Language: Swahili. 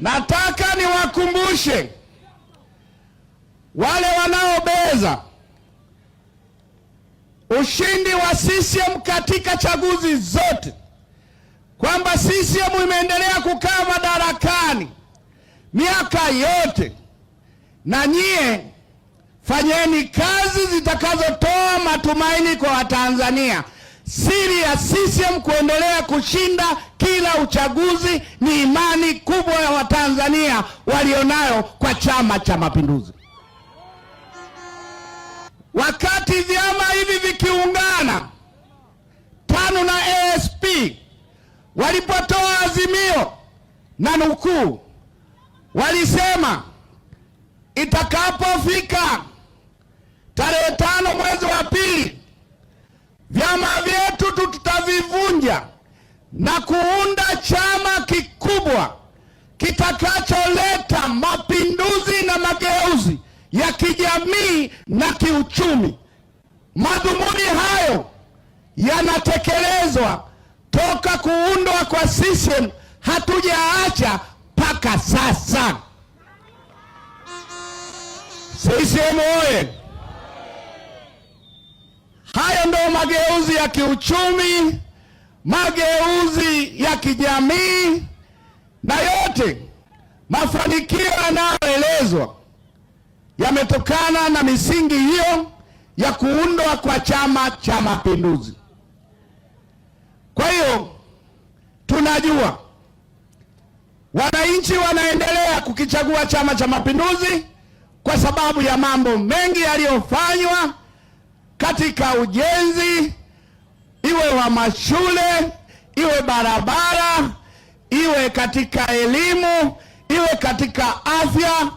Nataka niwakumbushe wale wanaobeza ushindi wa CCM katika chaguzi zote kwamba CCM imeendelea kukaa madarakani miaka yote, na nyie fanyeni kazi zitakazotoa matumaini kwa Watanzania. Siri ya CCM kuendelea kushinda kila uchaguzi ni imani kubwa ya Watanzania walionayo kwa Chama cha Mapinduzi. Wakati vyama hivi vikiungana, TANU na ASP walipotoa azimio na nukuu, walisema itakapofika tarehe tano mwezi wa pili vyetu tutavivunja na kuunda chama kikubwa kitakacholeta mapinduzi na mageuzi ya kijamii na kiuchumi. Madhumuni hayo yanatekelezwa toka kuundwa kwa CCM, hatujaacha mpaka sasa. CCM oye! hayo ndio mageuzi ya kiuchumi, mageuzi ya kijamii, na yote mafanikio yanayoelezwa yametokana na misingi hiyo ya kuundwa kwa Chama cha Mapinduzi. Kwa hiyo tunajua wananchi wanaendelea kukichagua Chama cha Mapinduzi kwa sababu ya mambo mengi yaliyofanywa katika ujenzi, iwe wa mashule, iwe barabara, iwe katika elimu, iwe katika afya